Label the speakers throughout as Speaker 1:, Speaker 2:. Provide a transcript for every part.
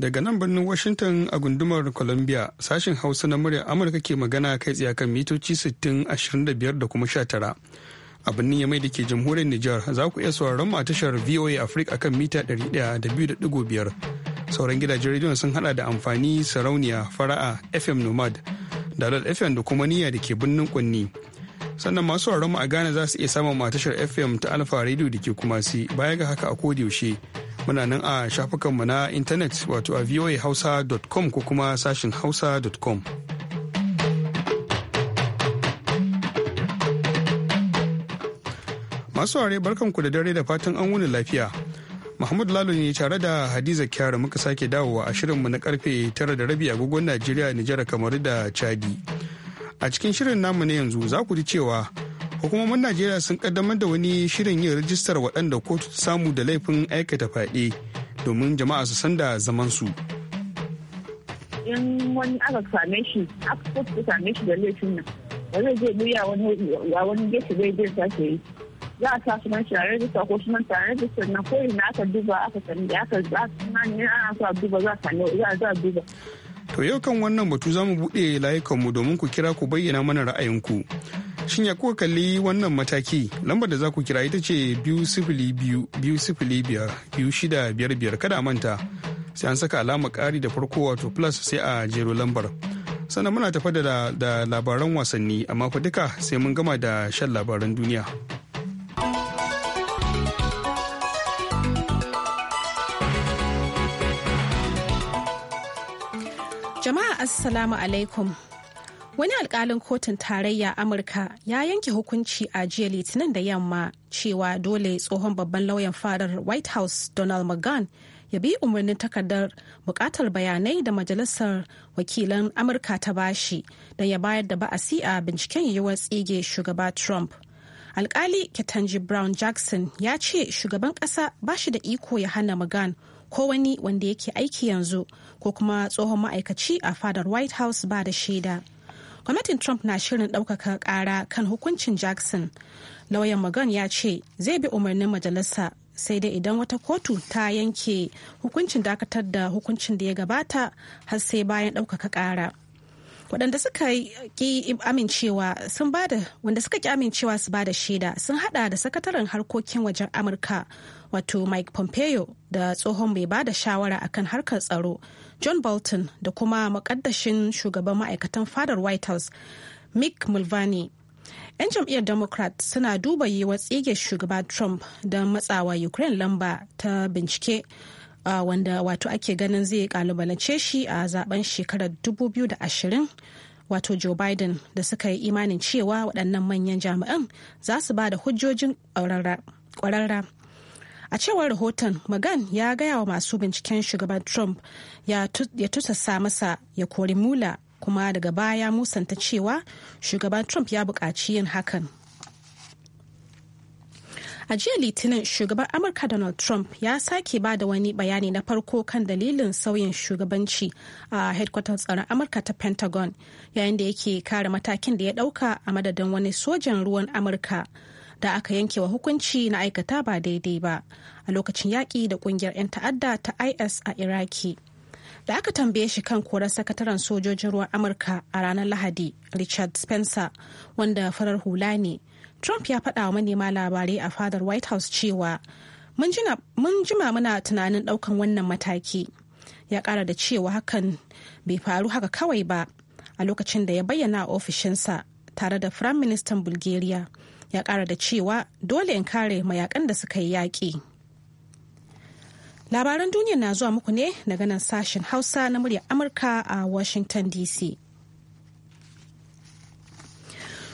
Speaker 1: daga nan birnin washington a gundumar columbia sashen hausa na muryar amurka ke magana kai tsaye kan mitoci 60 25 da kuma 19 a birnin yamai da ke jamhuriyar niger za ku iya sauraron ma tashar voa africa akan mita 100.5 sauran gidajen rediyon sun hada da amfani sarauniya fara'a fm nomad dalal fm da kuma niyya da ke birnin kunni sannan masu sauraron mu a ghana za su iya samun tashar fm ta alfa radio da ke kumasi baya ga haka a kodiyaushe yaushe muna nan a shafukanmu na intanet wato a voahausa.com ko kuma sashin hausa.com masu ware barkanku da dare da fatan an wuni lafiya Mahmud Lalo ne tare da Hadiza Kyara muka sake dawowa a shirinmu na karfe tara da rabi agogon Najeriya, Nijar, kamar da Chadi. A cikin shirin namu na yanzu za ku ji cewa hukumomin najeriya sun kaddamar da wani shirin yin rijistar waɗanda kotu ta samu da laifin aikata fyaɗe domin jama'a su san da zamansu
Speaker 2: in wani aka same shi aka kotu ta same shi da laifin nan wani zai buya a wani gefe zai zai sake yi za a sa sunan shi a rajista ko sunan ta rajista na ko ina aka duba aka sani aka za ana so a duba za a duba
Speaker 1: To yau kan wannan batu za mu buɗe layukanmu domin ku kira ku bayyana mana ra'ayinku. Shin ya kuka kalli wannan mataki lambar da za ku kira ita ce biyu sifili biyu sifili biyu shida biyar biyar kada manta sai an saka alama ƙari da farko wato plus sai a jero lambar. Sannan muna tafa da, da labaran wasanni amma fa duka sai mun gama da shan labaran duniya.
Speaker 3: Jama'a Assalamu alaikum. wani alkalin kotun tarayya amurka ya yanke hukunci a jiya litinin da yamma cewa dole tsohon babban lauyan fadar white house donald mcgahn ya bi umarnin takardar bukatar bayanai da majalisar wakilan amurka ta bashi da ya bayar da ba'asi a binciken yiwuwar tsige shugaba trump alkali ketanji brown jackson ya ce shugaban ƙasa ba shi da iko ya hana magan ko wani wanda yake aiki yanzu ko kuma tsohon ma'aikaci a fadar white house ba da shaida gwamnatin trump na shirin ɗaukaka ƙara kan hukuncin jackson lauyan magan ya ce zai bi umarnin majalisa sai dai idan wata kotu ta yanke hukuncin dakatar da hukuncin da ya gabata har sai bayan ɗaukaka ƙara waɗanda suka ki amincewa sun bada wanda suka ki amincewa su bada shaida sun hada da sakataren harkokin wajen amurka wato mike pompeo da tsohon mai bada shawara akan harkar tsaro john bolton da kuma makaddashin shugaban ma'aikatan fadar white house mick mulvaney 'yan jam'iyyar democrat suna duba yiwuwar tsige shugaba trump don matsawa ukraine lamba ta bincike uh, wanda wato ake ganin zai kalubalance shi a zaben shekarar 2020 wato joe biden da suka yi imanin cewa waɗannan manyan jami'an za su ba da hujjojin ƙwararra a cewar rahoton magan ya gaya wa masu binciken shugaban trump ya tusassa masa ya kori mula kuma daga baya musanta cewa shugaban trump ya buƙaci yin hakan a jiya litinin shugaban amurka donald trump ya sake ba da wani bayani na farko kan dalilin sauyin shugabanci a headquarter tsaron amurka ta pentagon yayin da yake kare matakin da ya dauka a madadin wani sojan ruwan amurka da aka yanke wa hukunci na aikata ba daidai ba a lokacin yaƙi da kungiyar 'yan ta'adda ta is a iraki da aka tambaye shi kan koren sakataren sojojin ruwan amurka a ranar lahadi richard spencer wanda farar hula ne Trump ya faɗa wa manema labarai a fadar White House cewa mun jima muna tunanin ɗaukan wannan mataki. Ya ƙara da cewa hakan bai faru haka kawai ba a lokacin da ya bayyana ofishinsa tare da Firayim Ministan Bulgaria. Ya ƙara da cewa dole in kare mayakan da suka yi yaƙi. Labaran duniya na zuwa muku ne daga nan sashen Hausa na muryar Amurka a Washington DC.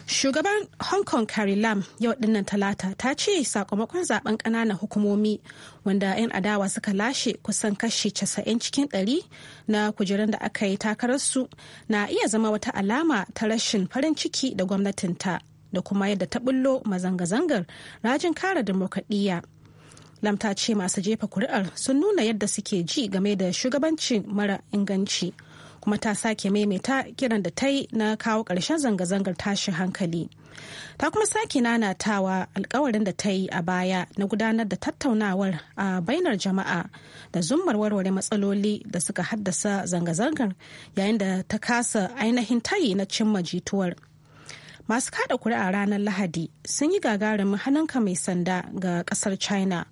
Speaker 3: Shugaban Hong Kong Carrie Lam yau dinnan talata ta ce sakamakon zaben ƙananan hukumomi wanda 'yan adawa suka lashe kusan kashi 90 cikin 100 na kujerun da aka yi takararsu na iya zama wata alama ta rashin farin ciki da gwamnatinta da kuma yadda ta bullo mazanga-zangar rajin kare demokradiyya. Lam ta ce masu jefa kuri'ar sun nuna yadda suke ji game da shugabancin mara inganci. kuma ta sake maimaita kiran da ta yi na kawo ƙarshen zanga-zangar tashin hankali ta kuma sake nanatawa alkawarin da ta yi a baya na gudanar da tattaunawar a bainar jama'a da zummar warware matsaloli da suka haddasa zanga-zangar yayin da ta kasa ainihin tayi na cimma jituwar masu kada a ranar lahadi sun yi gagarumin hannunka mai sanda ga kasar china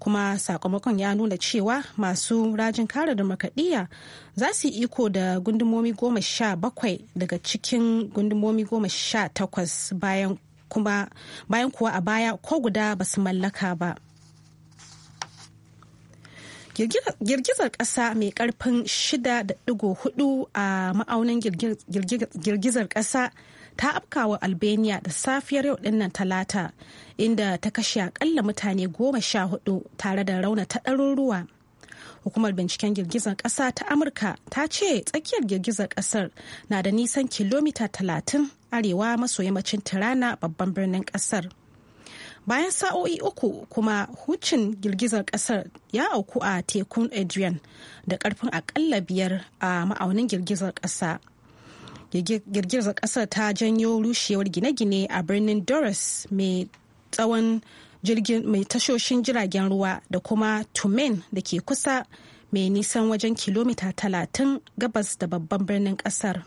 Speaker 3: kuma sakamakon ya nuna cewa masu rajin kare demokradiyya za su yi iko da gundumomi goma sha bakwai daga cikin gundumomi goma sha takwas bayan kuwa a baya ko guda ba su mallaka ba girgizar ƙasa mai ƙarfin 6.4 a ma'aunin girgizar ƙasa ta afkawa albania da safiyar yau dinnan talata inda ta kashe akalla mutane goma sha hudu tare da rauna ta ɗaruruwa hukumar binciken girgizar ƙasa ta amurka ta ce tsakiyar girgizar ƙasar na da nisan kilomita talatin arewa maso yammacin tirana babban birnin ƙasar bayan sa'o'i uku kuma hucin girgizar ƙasar ya auku a tekun adrian da ƙarfin akalla biyar a ma'aunin girgizar ƙasa girgizar kasar ta janyo rushewar gine-gine a birnin doris mai tsawon jirgin mai tashoshin jiragen ruwa da kuma tumen da ke kusa mai nisan wajen kilomita talatin gabas da babban birnin kasar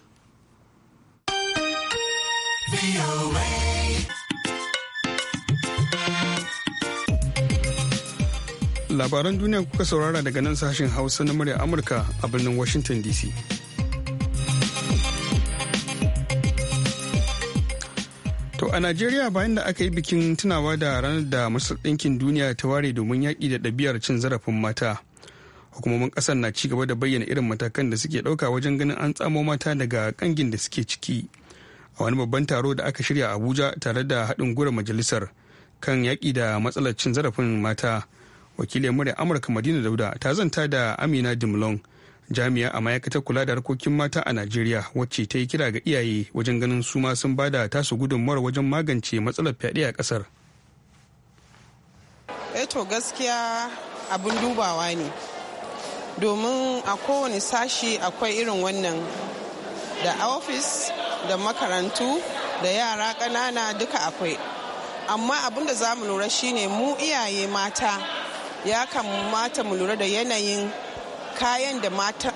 Speaker 1: labaran duniya kuka saurara daga nan sashen hausa na murya amurka a birnin washington dc a Najeriya bayan da aka yi bikin tunawa da ranar da Masar Ɗinkin Duniya ta ware domin yaƙi da ɗabi'ar cin zarafin mata. Hukumomin ƙasar na ci gaba da bayyana irin matakan da suke ɗauka wajen ganin an tsamo mata daga ƙangin da suke ciki. A wani babban taro da aka shirya Abuja tare da haɗin gwiwar majalisar kan yaƙi da matsalar cin zarafin mata. Wakilin murya Amurka Madina Dauda ta zanta da Amina Dimlong jami'a a ma'aikatar kula da harkokin mata a najeriya wacce ta yi kira ga iyaye wajen ganin su ma sun bada tasu gudunmawar wajen magance matsalar fyaɗe a ƙasar
Speaker 4: eto eh gaskiya abin dubawa ne domin a kowane sashi akwai irin wannan da ofis da makarantu da yara ƙanana duka akwai amma abin da za mu lura shine mu iyaye mata ya kamata mu lura da yanayin kayan da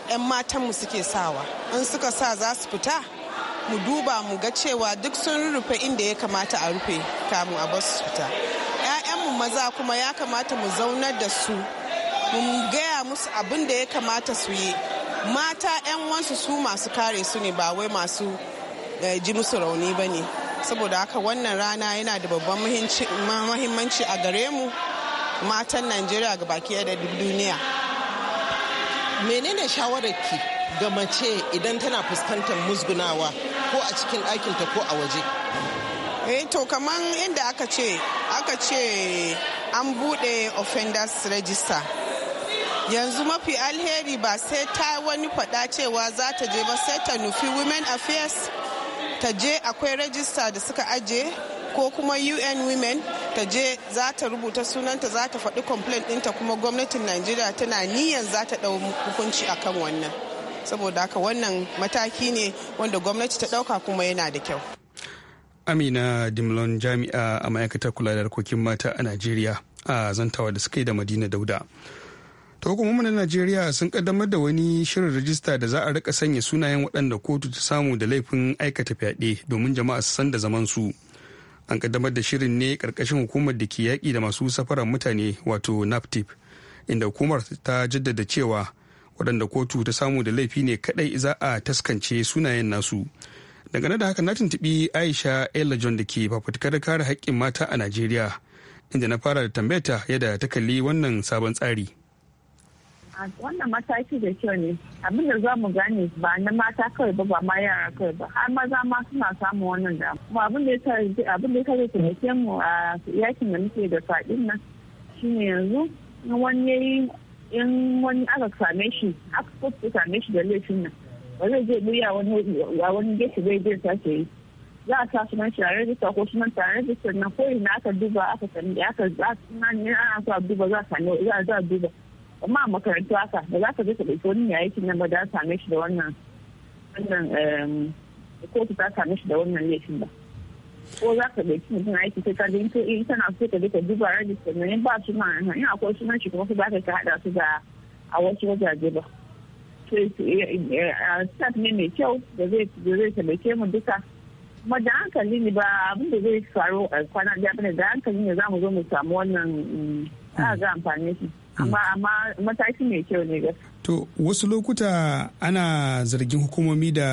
Speaker 4: 'yan matan mu suke sawa in suka sa za su fita mu duba mu ga cewa duk sun rufe inda ya kamata a rufe kamun a basu fita 'ya'yanmu maza kuma ya kamata mu zaunar da su mu gaya musu abin da ya kamata su yi mata 'yan wansu su masu kare su ne ba wai masu eh, ji musu rauni ba ne saboda haka wannan rana yana da babban muhimmanci a gare mu matan najeriya ga baki da duniya menene shawararki ga mace idan tana fuskantar musgunawa ko a cikin ɗakinta ko a waje eh to kaman inda aka ce aka ce an buɗe offenders register yanzu mafi alheri ba sai ta wani faɗa cewa za ta je ba sai ta nufi women affairs ta je akwai register da suka aje ko kuma un women ta je za ta rubuta sunanta za ta faɗi complain ɗinta kuma gwamnatin najeriya tana niyan za ta ɗau hukunci akan wannan saboda haka wannan mataki ne wanda gwamnati ta ɗauka kuma yana da kyau
Speaker 1: amina dimlon jami'a a ma'aikatar kula da harkokin mata a najeriya a zantawa da suka yi da madina dauda ta hukumomin na najeriya sun kaddamar da wani shirin rajista da za a rika sanya sunayen waɗanda kotu ta samu da laifin aikata fyaɗe domin jama'a su san da zaman su an kaddamar da shirin ne karkashin hukumar da ke yaƙi da masu safarar mutane wato naptip inda hukumar ta jaddada cewa waɗanda kotu ta samu da laifi ne kaɗai za a taskance sunayen nasu dangane da haka na tuntuɓi aisha elajon da ke fafutukar kare haƙƙin mata a najeriya inda na fara da tambayata yadda ta kalli wannan sabon tsari
Speaker 2: wannan mataki da kyau ne abin da za mu gane ba na mata kawai ba ba ma yara kawai ba har maza ma suna samun wannan da kuma abin da ya abin da ya mu a yakin da muke da fadin nan shine yanzu wani yi in wani aka same shi aka kusa same shi da laifin nan ba zai je buya a wani gefe zai je sace yi za a sa sunan shi a rajista ko sunan ta rajista na ko ina aka duba aka sami aka za a sunan ana so a duba za a sami za a duba amma a makarantu haka da za ka je ka ɗauki wani ya yake nan ba da same shi da wannan wannan kotu ta same shi da wannan laifin ba ko za ka ɗauki mutum aiki sai ka je in in tana so ka je ka duba rajista na ba su ma in akwai sunan shi kuma ba ka ka haɗa su da a wasu wajaje ba. Eh, staff ne mai kyau da zai taimake mu duka kuma da hankali ne ba abin da zai faru a kwana da da hankali ne za mu zo mu samu wannan mm, ga amfani shi. Mm. amma mataki mai kyau ne gaskiya
Speaker 1: to wasu lokuta ana zargin hukumomi da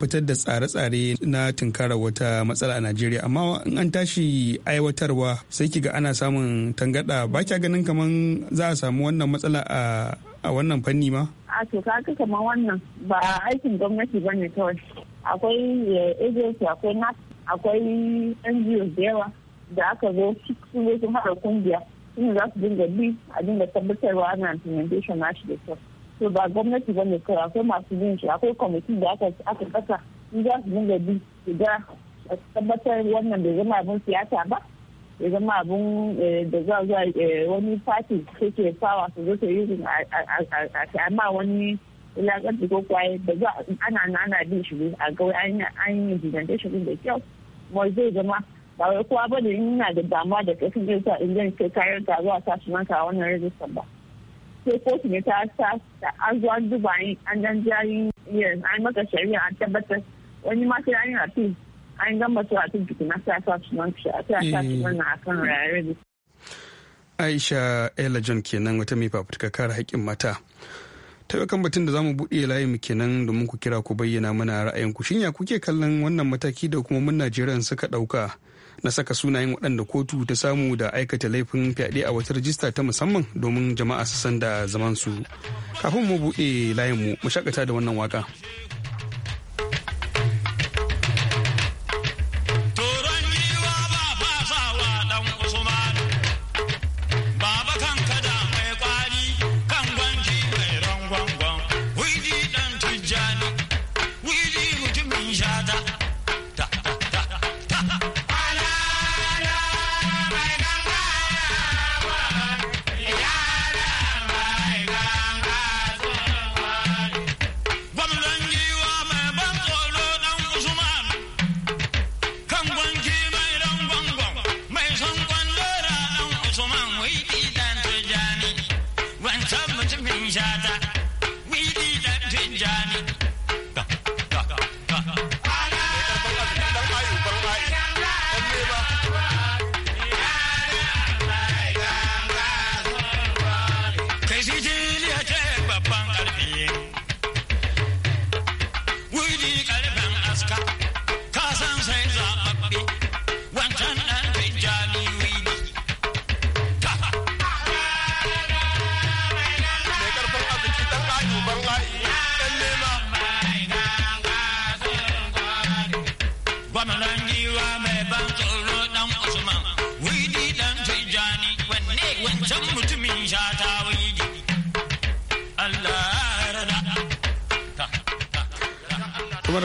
Speaker 1: fitar da tsare-tsare na tunkara wata matsala a najeriya amma in an tashi aiwatarwa sai kiga ana samun tangada ba kya ganin kaman za a samu wannan matsala a a wannan fanni ma
Speaker 2: a to kaga kamar wannan ba aikin gwamnati ba ne kawai akwai eh, agency akwai nat akwai ngos da yawa da aka zo su zo su kungiya in za su dinga bi a dinga tabbatarwa ana implementation nashi da kyau to ba gwamnati ba ne kawai akwai masu bin shi akwai kwamitin da aka aka kasa in za su dinga bi su ga tabbatar wannan bai zama abin siyasa ba bai zama abin eh, da za zuwa eh, wani party take sawa su zo ta yi a kyama wani wulaƙanci ko kwaye da za ana nana bin shi a ga an yi implementation da kyau kuma zai zama ba wai kowa ba da da damuwa da kasu zai sa in zan ce kayan ta zuwa ta shi maka wannan rajistar ba sai kotu ne ta ta an zuwa duba an dan jari yin an maka shari'a an tabbatar wani ma sai an yi appeal an gama su appeal tukuna sai shi su maka sai shi su eh. akan rajistar.
Speaker 1: Aisha Ella John kenan wata mai fafutuka kare haƙƙin mata. taɓakan batun da za mu buɗe layin mu kenan domin ku kira ku bayyana mana ra'ayinku shin ya kuke kallon wannan mataki da mun najeriya suka ɗauka na saka sunayen waɗanda kotu ta samu da aikata laifin fyaɗe a wata rajista ta musamman domin jama'a su san da zamansu kafin mu buɗe layinmu mu shakata da wannan waka.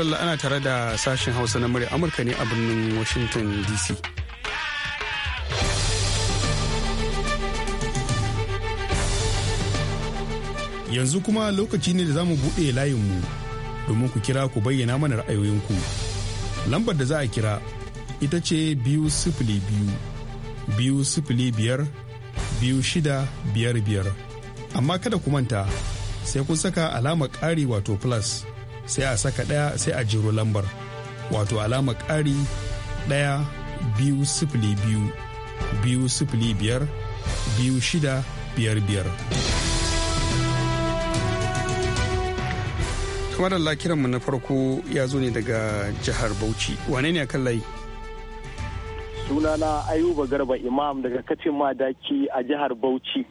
Speaker 1: madalla ana tare da sashen hausa na murya amurka ne a birnin washington dc yanzu kuma lokaci ne da za mu buɗe layinmu domin ku kira ku bayyana mana ra'ayoyinku lambar da za a kira ita ce biyu sifili biyu biyu sifili biyar biyu shida biyar biyar amma kada ku manta sai kun saka alamar ƙari wato plus sai a saka ɗaya sai a jiro lambar wato alama ƙari ɗaya biyu sifili biyu biyu sifili biyar biyu shida biyar biyar. kamar Allah kiranmu na farko ya zo ne daga jihar Bauchi wane ne kan layi?
Speaker 5: sunana ayuba garba imam daga kacin madaki a jihar Bauchi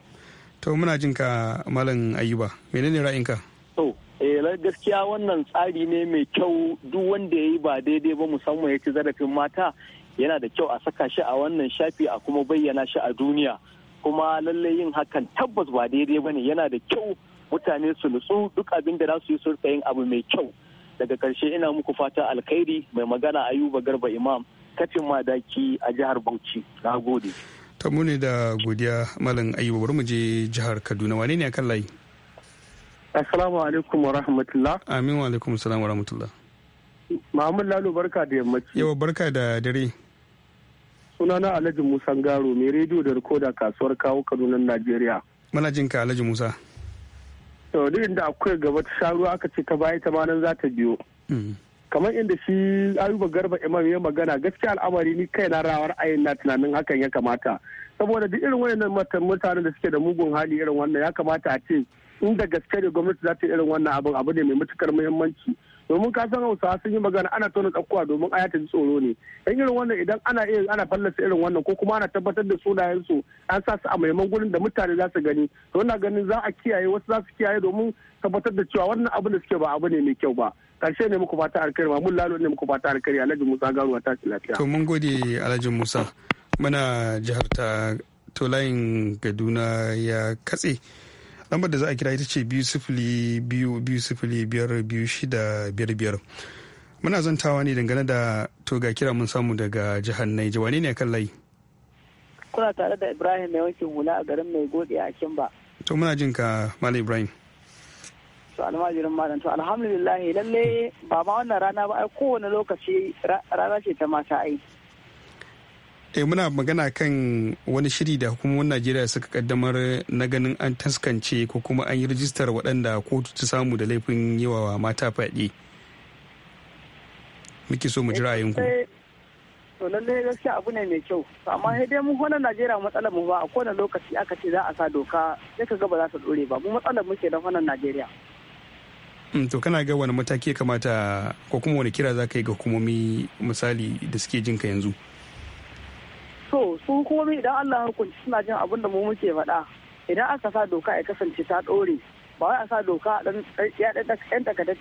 Speaker 1: to muna jinka malam ayuba menene ra'ayinka?
Speaker 5: to eh gaskiya wannan tsari ne mai kyau duk wanda ya yi ba daidai ba musamman ya ci zarafin mata yana da kyau a saka shi a wannan shafi a kuma bayyana shi a duniya kuma lallai yin hakan tabbas ba daidai ba ne yana da kyau mutane su nutsu duk abin da za su yi su yin abu mai kyau daga karshe ina muku fata alkhairi mai magana ayuba garba imam kafin madaki a jihar bauchi na gode
Speaker 1: ta ne da godiya malam ayuba bari mu je jihar kaduna wane ne akan layi Assalamu alaikum wa rahmatullah. Amin wa alaikum salam wa rahmatullah. Muhammad Lalo barka da yammaci. Yawa barka da dare. Sunana Alhaji Musa Garo mai rediyo da rikoda kasuwar kawo Kaduna Najeriya. Muna jin ka Alhaji Musa. To duk inda akwai gaba ta sharu aka ce ta baya ta nan za ta biyo. Mm. Kamar inda shi Ayuba Garba Imam ya magana gaskiya al'amari ni kai na rawar ayin na
Speaker 6: tunanin hakan ya kamata. Saboda duk irin wayannan mutanen da suke da mugun hali irin wannan ya kamata a
Speaker 5: ce da gaske da gwamnati za ta yi irin wannan abin abu ne mai matukar muhimmanci domin ka san hausawa sun yi magana ana tona tsakuwa domin aya ta ji tsoro ne in irin wannan idan ana iya ana fallasa irin wannan
Speaker 6: ko kuma ana tabbatar da sunayen su an sa su a maimakon gurin da mutane za su gani to ina ganin za a kiyaye wasu za su kiyaye domin tabbatar da cewa wannan abu da suke ba abu ne mai kyau ba karshe ne muku fata
Speaker 1: alkari mamun lalo ne muku fata alkari alhaji musa garuwa ta lafiya to mun gode alhaji musa muna jihar ta to layin kaduna ya katse lambar da za a kira ita ce biyu sifili biyu biyu sifili biyar biyu shida biyar biyar muna zantawa ne dangane da to ga kira mun samu daga jihar naija wane ne kan layi
Speaker 5: kuna tare da ibrahim mai wankin hula a garin mai gode a kimba
Speaker 1: to muna jin ka malam ibrahim
Speaker 5: to almajirin malam to alhamdulillah lalle ba ma wannan rana ba ai kowane lokaci rana ce ta mata ai
Speaker 1: eh muna magana kan wani shiri da hukumomin najeriya suka kaddamar na ganin an taskance ko kuma an yi rijistar waɗanda kotu ta samu da laifin yawa mata fyaɗe muke so mu ji ra'ayinku
Speaker 5: eh, to lalle gaskiya abu ne mai kyau amma sai dai mun hana najeriya matsalar mu ba a kowane lokaci aka ce za a sa doka sai ka ga ba za ta dore ba mu matsalar muke da honan najeriya
Speaker 1: mm, to kana ga wani mataki kamata ko kuma wani kira za ka yi ga hukumomi misali da suke jinka yanzu
Speaker 5: so su komi idan Allah hukunci suna jin abin da mu muke faɗa idan aka sa doka ya kasance ta ɗore ba wai a sa doka dan ya dan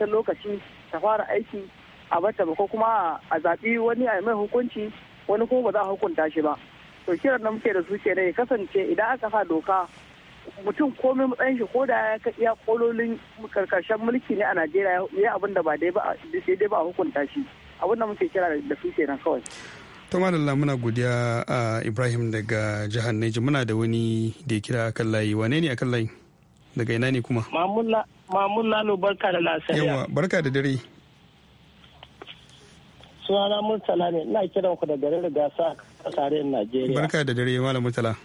Speaker 5: lokaci ta fara aiki a bata ba ko kuma a zaɓi wani a mai hukunci wani kuma ba za a hukunta shi ba to kiran da muke da su ke ya kasance idan aka sa doka mutum komai matsayin shi ko da ya iya kololin karkashin mulki ne a najeriya ya abin da ba daidai ba a hukunta shi abin da muke kira da su kenan kawai
Speaker 1: to malalla muna godiya a ibrahim daga jihar neji muna da wani da ya kira akan layi wane ne akan layi daga ina ne kuma
Speaker 5: mamun lalo barka da lasariya yawa
Speaker 1: barka da dare
Speaker 5: sunana murtala ne ina kiran ku da garin gasa a tarihin najeriya barka
Speaker 1: da dare malam murtala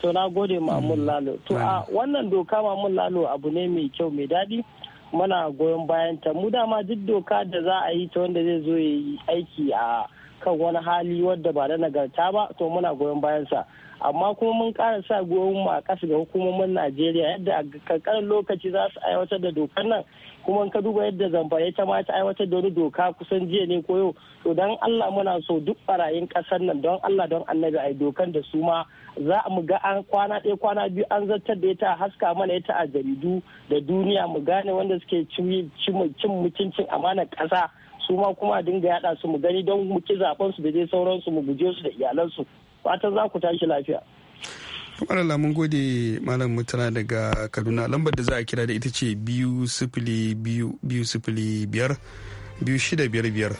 Speaker 5: to na gode mamun mm. lalo to a wannan doka mamun lalo abu ne mai kyau mai daɗi muna goyon bayan ta mu dama duk doka da za a yi ta wanda zai zo ya yi aiki a kan wani hali wadda ba na nagarta ba to muna goyon bayansa amma kuma mun ƙara sa goyon mu a ƙasa ga hukumomin najeriya yadda a kankanin lokaci za su aiwatar da dokar nan kuma ka duba yadda zamfara ya mata aiwatar da wani doka kusan jiya ne ko yau to don allah muna so duk barayin ƙasar nan don allah don annabi a dokan da su ma za mu ga an kwana ɗaya kwana biyu an zartar da ita haska mana ita a jaridu da duniya mu gane wanda suke cin mutuncin amanar ƙasa su ma kuma a dinga yada su mu gani don mu ki zaben su da dai sauransu mu guje su da iyalansu fatan za ku tashi lafiya
Speaker 1: kamar Allah mun gode malam mutana daga kaduna lambar da za a kira da ita ce biyu sifili biyu sifili biyar biyu shida biyar biyar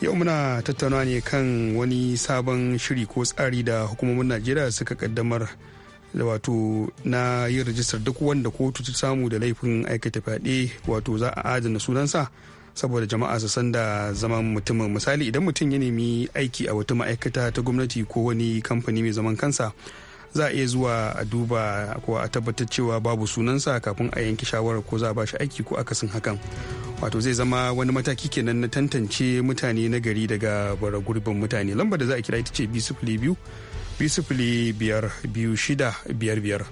Speaker 1: yau muna tattaunawa ne kan wani sabon shiri ko tsari da hukumomin najeriya suka kaddamar da wato na yin rajistar duk wanda kotu ta samu da laifin aikata fyaɗe wato za a adana sunansa saboda jama'a su san da zaman mutumin misali idan mutum ya nemi aiki a wata ma'aikata ta gwamnati ko wani kamfani mai zaman kansa za a iya zuwa a duba ko a tabbatar cewa babu sunansa kafin a yanke shawarar ko za a bashi aiki ko akasin hakan wato zai zama wani mataki kenan na tantance mutane na gari daga bara gurbin mutane lambar da za a kira ita ce biyu biyu biyar biyu shida biyar biyar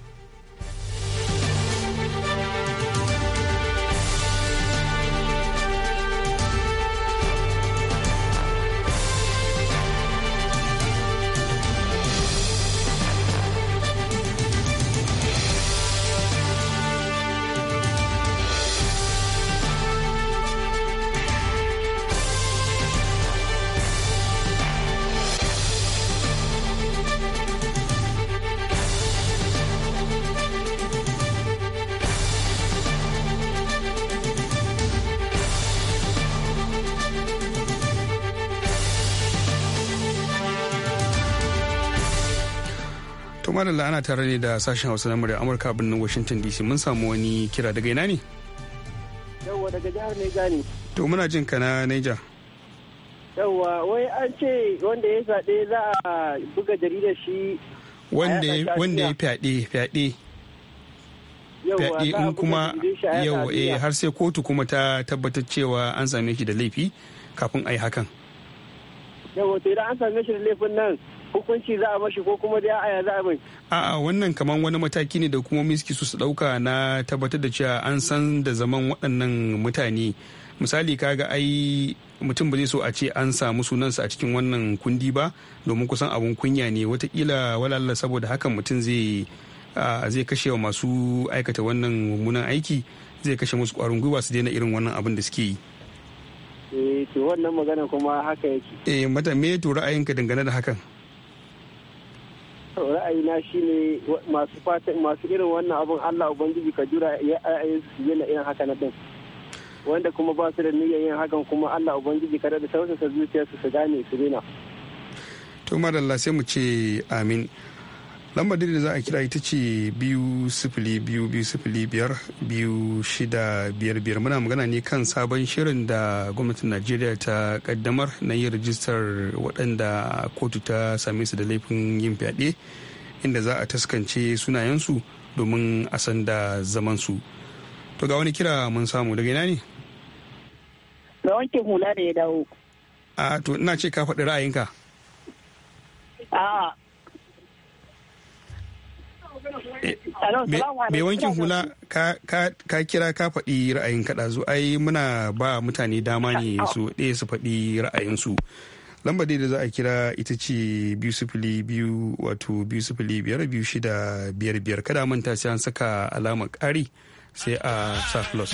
Speaker 1: to madalla ana tare ne da sashen hausa na murya amurka birnin washington dc mun samu wani kira daga ina ne
Speaker 6: yawwa daga jihar Neja ne
Speaker 1: to muna jin ka na Neja
Speaker 6: yawwa wai an ce wanda ya fyaɗe za a buga jaridar shi
Speaker 1: wanda ya fyaɗe fyaɗe
Speaker 6: fyaɗe in kuma yau eh
Speaker 1: har sai kotu kuma ta tabbatar cewa an same shi da laifi kafin a yi hakan
Speaker 6: yawwa to idan an same shi da laifin nan hukunci za a mashi ko kuma dai aya za a mai
Speaker 1: a wannan kaman wani mataki ne da hukumomi suke su dauka na tabbatar da cewa an san da zaman waɗannan mutane misali kaga ai mutum ba zai so a ce an samu sunansa a cikin wannan kundi ba domin kusan abun kunya ne watakila walala saboda hakan mutum zai zai kashe wa masu aikata wannan mummunan aiki zai kashe musu kwarin gwiwa su daina irin wannan abin da suke yi eh to wannan magana kuma haka yake eh mata me to ra'ayinka dangane da hakan
Speaker 6: ra'ayina shine masu fatan masu irin wannan abun Allah ubangiji ka jura ya su yana irin haka na din wanda kuma ba su da niyyar yin hakan kuma Allah ubangiji ka da tausasa zuciyarsu su gane su daina
Speaker 1: to madalla sai mu ce amin lambar da za a kira ita ce biyu sifili biyu biyu sifili biyar biyu shida biyar biyar muna magana ne kan sabon shirin da gwamnatin najeriya ta kaddamar na yin rijistar waɗanda kotu ta same su da laifin yin fyaɗe inda za a taskance sunayensu domin a san da zamansu to ga wani kira mun samu daga ina ne ga wanke
Speaker 2: hula ne ya dawo
Speaker 1: a to ina ce ka faɗi ra'ayinka a'a Eh, mai wankin hula ka kira ka faɗi ra'ayin kaɗa zu ai muna ba mutane dama ne oh. su ɗaya su faɗi ra'ayinsu lamba dai da za a kira ita ce biyu sifili biyu wato biyu sifili biyar biyu shida biyar biyar kada manta sai an saka alamar kari sai a sa plus.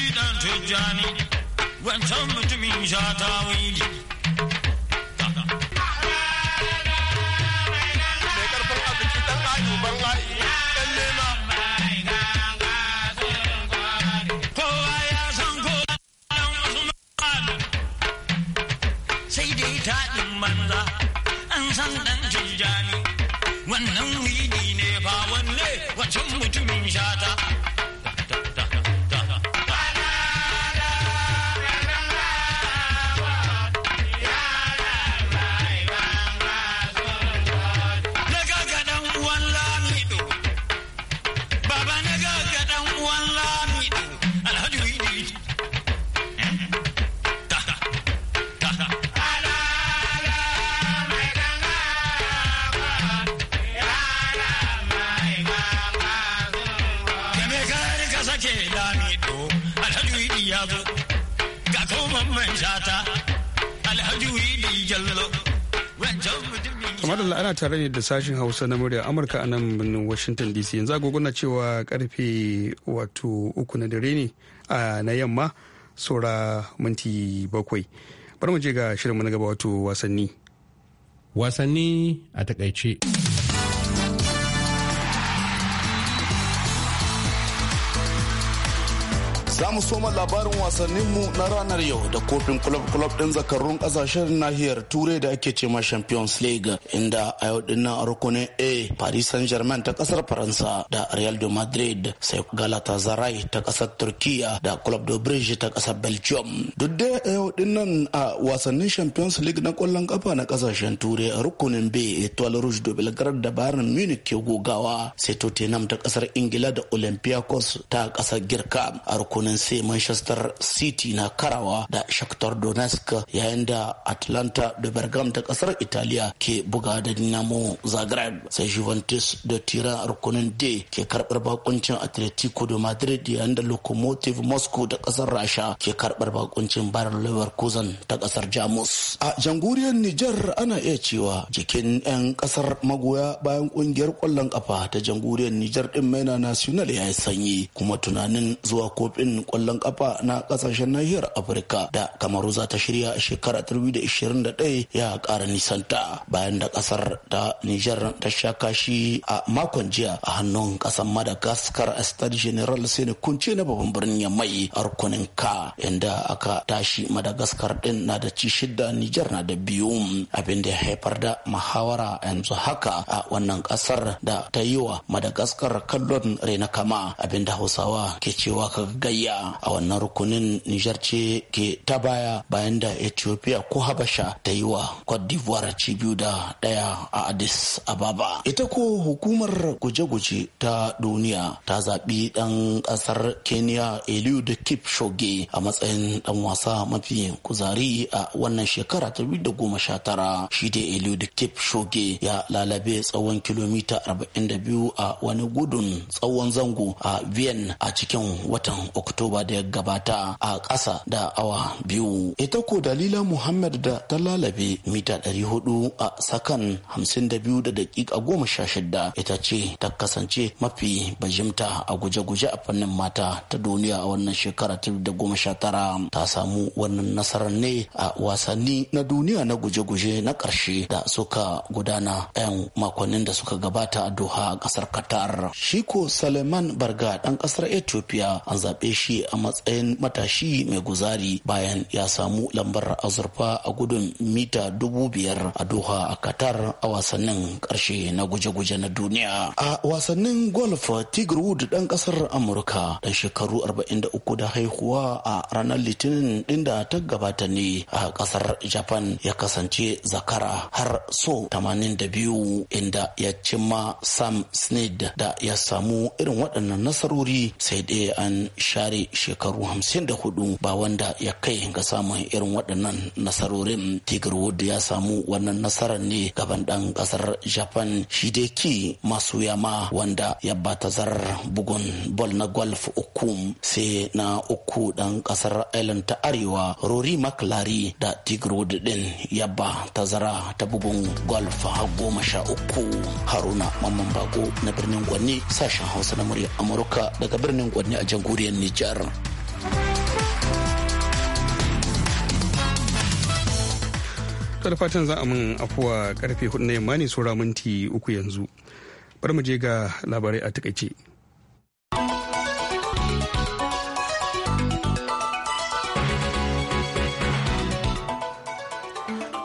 Speaker 6: shi dan tujjani wancan mutumin shata wili banza an san dan tujjani wannan wili ne ba wanne wancan mutumin shata
Speaker 1: madalla ana tare ne da sashen hausa na murya amurka a nan birnin washington dc yanzu agogona cewa karfe wato uku na dare ne na yamma saura minti bakwai bari mu je ga shirinmu na gaba wato wasanni wasanni a takaice
Speaker 5: Za mu soma labarin wasanninmu na ranar yau da kofin club-club ɗin zakarun kasashen nahiyar Turai da ake cema Champions League inda a yau dinnan rukunin A Paris Saint-Germain ta kasar Faransa da Real de Madrid sai Galatasaray ta kasar Turkiya da Club de Brugge ta kasar Belgium. Duk da a yau dinnan a wasannin Champions League na kwallon ƙafa na kasashen Turai a rukunin B Etoile Rouge de Belgrade da Bayern Munich ke gogawa sai Tottenham ta kasar Ingila da Olympiacos ta kasar Girka a rukunin birnin sai manchester city na karawa da shakhtar donetsk yayin da atlanta da bergam ta kasar italiya ke buga da dinamo zagreb sai juventus da tiran rukunin d ke karbar bakuncin atletico da madrid yayin da locomotive moscow da kasar rasha ke karbar bakuncin bayar leverkusen ta kasar jamus a janguriyar niger ana iya cewa jikin 'yan kasar magoya bayan kungiyar kwallon kafa ta janguriyar niger din na national ya yi sanyi kuma tunanin zuwa kofin kwallon kafa na kasashen nahiyar afirka da kamaru za ta shirya shekara 2021 ya kara nisanta bayan da kasar ta nijar ta sha kashi a makon jiya a hannun kasar madagascar a stade general sene kunce na babban birnin yamai a rukunin ka inda aka tashi madagascar din na da ci shida nijar na da biyu abin da ya haifar da muhawara yanzu haka a wannan kasar da ta yi wa madagascar kallon rena kama abin da hausawa ke cewa ka gayya Ethiopia a wannan rukunin Niger ce ke ta baya bayan da Ethiopia ko Habasha ta yi wa Cote d'Ivoire ci da ɗaya a Addis Ababa. Ita ko hukumar guje-guje ta duniya ta zaɓi ɗan ƙasar Kenya Eliud Kipchoge a matsayin ɗan wasa mafi kuzari a wannan shekara ta goma sha tara shi da Eliud Kipchoge ya lalabe tsawon kilomita da biyu a wani gudun tsawon zango a Vienna a cikin watan Oktoba. oktoba da ya gabata a ƙasa da awa biyu ita ko dalila muhammad da ta lalabe mita 400 a sakan 52 da dakika goma sha shida ita ce ta kasance mafi bajimta a guje-guje a fannin mata ta duniya a wannan shekara ta goma sha tara ta samu wannan nasarar ne a wasanni na duniya na guje-guje na ƙarshe da suka gudana 'yan makonnin da suka gabata a doha a ƙasar qatar shiko suleiman barga ɗan ƙasar ethiopia an zaɓe shi a matsayin matashi mai guzari bayan ya samu lambar azurfa a gudun mita dubu biyar a Doha a Qatar a wasannin ƙarshe na guje-guje na duniya. A wasannin golf Tiger Wood ɗan ƙasar Amurka da shekaru 43 da haihuwa a ranar Litinin din da ta gabata ne a ƙasar Japan ya kasance zakara har so 82 inda ya cimma Sam Snead da ya samu irin waɗannan nasarori sai dai an sha kare shekaru hamsin da hudu ba wanda ya kai ga samun irin waɗannan nasarorin tigar wood ya samu wannan nasarar ne gaban ɗan ƙasar japan shideki masu yama wanda ya ba tazarar bugun bol na golf uku sai na uku ɗan ƙasar island ta arewa rory mclary da tigar wood ɗin ya ba tazara ta bugun golf har goma sha uku haruna mamman bako na birnin gwanni sashen hausa na murya amurka daga birnin gwanni a jamhuriyar nijar Nijar.
Speaker 1: da fatan za a min afuwa karfe hudu na yamma ne saura minti uku yanzu. Bari mu je ga labarai a takaice.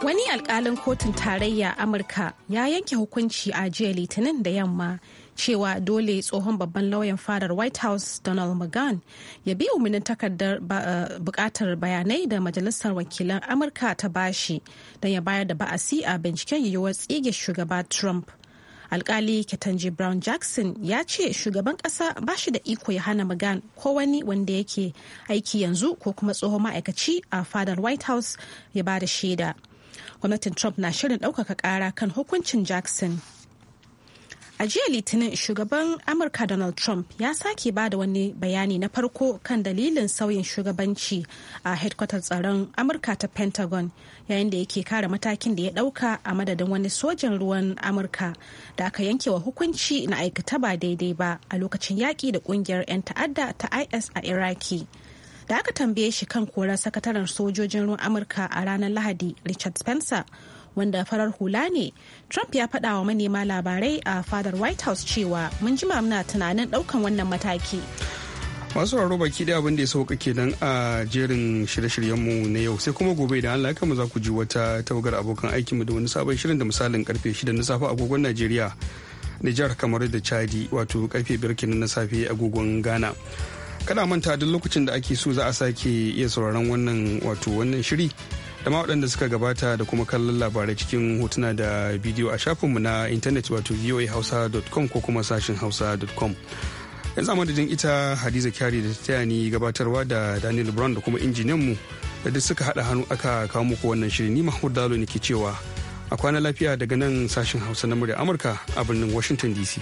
Speaker 3: Wani alƙalin kotun tarayya Amurka ya yanke hukunci a jiya Litinin da yamma cewa dole tsohon babban lauyan fadar white house donald mcgahn ya bi umarnin takardar eh, bukatar bayanai da majalisar wakilan amurka ta bashi don ya bayar da ba'asi a binciken yiwuwar tsige shugaba trump alkali ketanji brown jackson ya ce shugaban kasa ba shi da iko ya hana magan ko wani wanda yake aiki yanzu ko kuma tsohon ma'aikaci a fadar white house ya ba da shaida gwamnatin trump na shirin ɗaukaka kara kan hukuncin jackson A jiya Litinin shugaban Amurka Donald Trump ya sake ba da wani bayani na farko kan dalilin sauyin shugabanci a hedkwatar tsaron Amurka ta Pentagon yayin da yake kare matakin da ya dauka a madadin wani sojan ruwan Amurka da aka yanke wa hukunci na aikata ba daidai ba a lokacin yaƙi da ƙungiyar 'yan ta'adda ta IS a Iraki. Da aka tambaye shi kan korar sakataren sojojin ruwan Amurka a ranar Lahadi Richard Spencer wanda farar hula ne trump ya faɗa wa manema labarai a fadar white house cewa mun jima muna tunanin ɗaukan wannan mataki
Speaker 1: masu raro baki da abin da ya sauka kenan a jerin shirye-shiryenmu na yau sai kuma gobe da Allah kama za ku ji wata tawagar abokan aikinmu da wani sabon shirin da misalin karfe 6 na safe agogon Najeriya nijar kamar da Chadi wato karfe 5 na safe agogon Ghana. Kada manta duk lokacin da ake so za a sake iya sauraron wannan wato wannan shiri dama waɗanda suka gabata da kuma kallon labarai cikin hotuna da bidiyo a shafinmu na intanet wato voahausa.com ko kuma sashin hausa.com yanzu a madadin ita hadiza kyari da ta ni gabatarwa da daniel brown da kuma injiniyanmu da duk suka haɗa hannu aka kawo muku wannan shirin ni mahmud dalo ne ke cewa a kwana lafiya daga nan sashin hausa na murya amurka a birnin washington dc